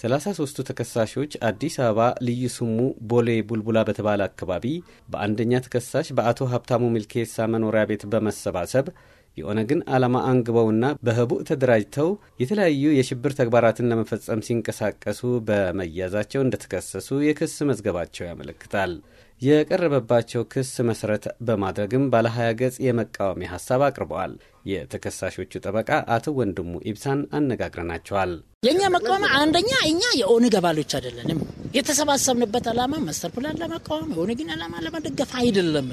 ሰላሳ ሶስቱ ተከሳሾች አዲስ አበባ ልዩ ስሙ ቦሌ ቡልቡላ በተባለ አካባቢ በአንደኛ ተከሳሽ በአቶ ሀብታሙ ሚልኬሳ መኖሪያ ቤት በመሰባሰብ የኦነግን ዓላማ አንግበውና በህቡዕ ተደራጅተው የተለያዩ የሽብር ተግባራትን ለመፈጸም ሲንቀሳቀሱ በመያዛቸው እንደተከሰሱ የክስ መዝገባቸው ያመለክታል። የቀረበባቸው ክስ መሰረት በማድረግም ባለ ሀያ ገጽ የመቃወሚያ ሀሳብ አቅርበዋል። የተከሳሾቹ ጠበቃ አቶ ወንድሙ ኢብሳን አነጋግረናቸዋል። የእኛ መቃወሚያ አንደኛ እኛ የኦነግ አባሎች አይደለንም የተሰባሰብንበት ዓላማ ማስተር ፕላን ለመቃወም የኦነግን ዓላማ ለመደገፍ አይደለም።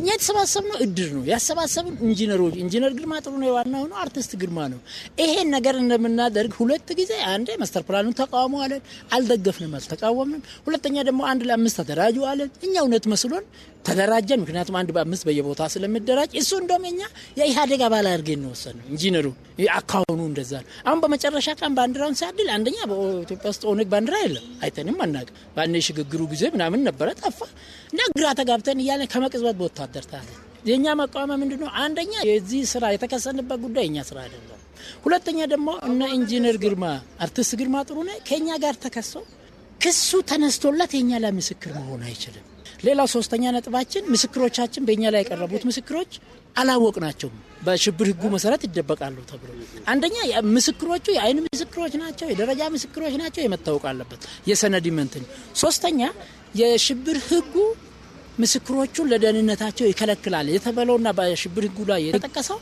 እኛ የተሰባሰብነው እድር ነው ያሰባሰብን ኢንጂነሮች፣ ኢንጂነር ግርማ ጥሩ ነው የዋና ሆኖ አርቲስት ግርማ ነው። ይሄን ነገር እንደምናደርግ ሁለት ጊዜ አንዴ ማስተር ፕላኑን ተቃውሞ አለን፣ አልደገፍንም፣ አልተቃወምንም። ሁለተኛ ደግሞ አንድ ለአምስት ተደራጁ አለን። እኛ እውነት መስሎን ተደራጀን። ምክንያቱም አንድ በአምስት በየቦታ ስለምደራጅ እሱ እንደውም እኛ የኢህአዴግ አባል አድርገን ነው ኢንጂነሩ አካውኑ እንደዛ ነው። አሁን በመጨረሻ ቀን ባንዲራውን ሲያድል አንደኛ በኢትዮጵያ ውስጥ ኦነግ ባንዲራ የለም አይተንም አናውቅም። ባኔ ሽግግሩ ጊዜ ምናምን ነበረ ጠፋ እና ግራ ተጋብተን እያለ ከመቅዝበት በወታደር ታለ። የእኛ መቃወመ ምንድን ነው? አንደኛ የዚህ ስራ የተከሰንበት ጉዳይ እኛ ስራ አይደለም። ሁለተኛ ደግሞ እነ ኢንጂነር ግርማ አርቲስት ግርማ ጥሩ ነ ከእኛ ጋር ተከሰው ክሱ ተነስቶላት የኛ ላይ ምስክር መሆን አይችልም። ሌላው ሶስተኛ ነጥባችን ምስክሮቻችን በእኛ ላይ የቀረቡት ምስክሮች አላወቅናቸውም። በሽብር ህጉ መሰረት ይደበቃሉ ተብሎ አንደኛ ምስክሮቹ የአይን ምስክሮች ናቸው፣ የደረጃ ምስክሮች ናቸው፣ የመታወቅ አለበት የሰነድ መንትን። ሶስተኛ የሽብር ህጉ ምስክሮቹን ለደህንነታቸው ይከለክላል የተባለውና በሽብር ህጉ ላይ የተጠቀሰው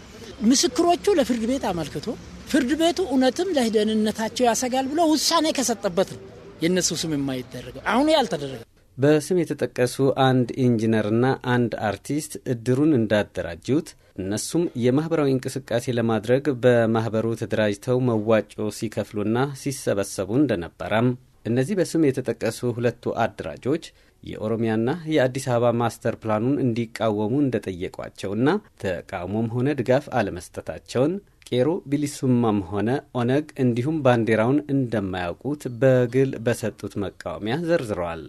ምስክሮቹ ለፍርድ ቤት አመልክቶ ፍርድ ቤቱ እውነትም ለደህንነታቸው ያሰጋል ብሎ ውሳኔ ከሰጠበት ነው። የእነሱ ስም የማይደረገው አሁን ያልተደረገ በስም የተጠቀሱ አንድ ኢንጂነርና አንድ አርቲስት እድሩን እንዳደራጁት እነሱም የማህበራዊ እንቅስቃሴ ለማድረግ በማህበሩ ተደራጅተው መዋጮ ሲከፍሉና ሲሰበሰቡ እንደነበረም እነዚህ በስም የተጠቀሱ ሁለቱ አደራጆች የኦሮሚያና የአዲስ አበባ ማስተር ፕላኑን እንዲቃወሙ እንደጠየቋቸውና ተቃውሞም ሆነ ድጋፍ አለመስጠታቸውን ቄሮ ቢሊሱማም ሆነ ኦነግ እንዲሁም ባንዲራውን እንደማያውቁት በግል በሰጡት መቃወሚያ ዘርዝረዋል።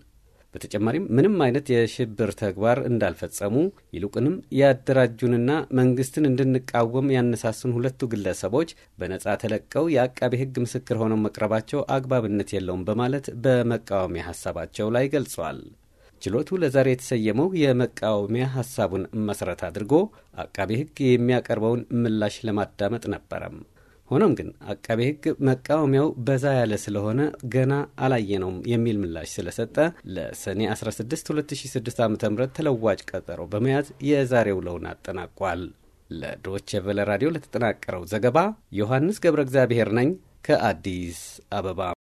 በተጨማሪም ምንም አይነት የሽብር ተግባር እንዳልፈጸሙ ይልቁንም ያደራጁንና መንግስትን እንድንቃወም ያነሳሱን ሁለቱ ግለሰቦች በነጻ ተለቀው የአቃቤ ሕግ ምስክር ሆነው መቅረባቸው አግባብነት የለውም በማለት በመቃወሚያ ሀሳባቸው ላይ ገልጿል። ችሎቱ ለዛሬ የተሰየመው የመቃወሚያ ሀሳቡን መሰረት አድርጎ አቃቤ ሕግ የሚያቀርበውን ምላሽ ለማዳመጥ ነበረም። ሆኖም ግን አቃቤ ሕግ መቃወሚያው በዛ ያለ ስለሆነ ገና አላየነውም የሚል ምላሽ ስለሰጠ ለሰኔ 16 2006 ዓ ም ተለዋጭ ቀጠሮ በመያዝ የዛሬው ለውን አጠናቋል። ለዶች ቨለ ራዲዮ ለተጠናቀረው ዘገባ ዮሐንስ ገብረ እግዚአብሔር ነኝ ከአዲስ አበባ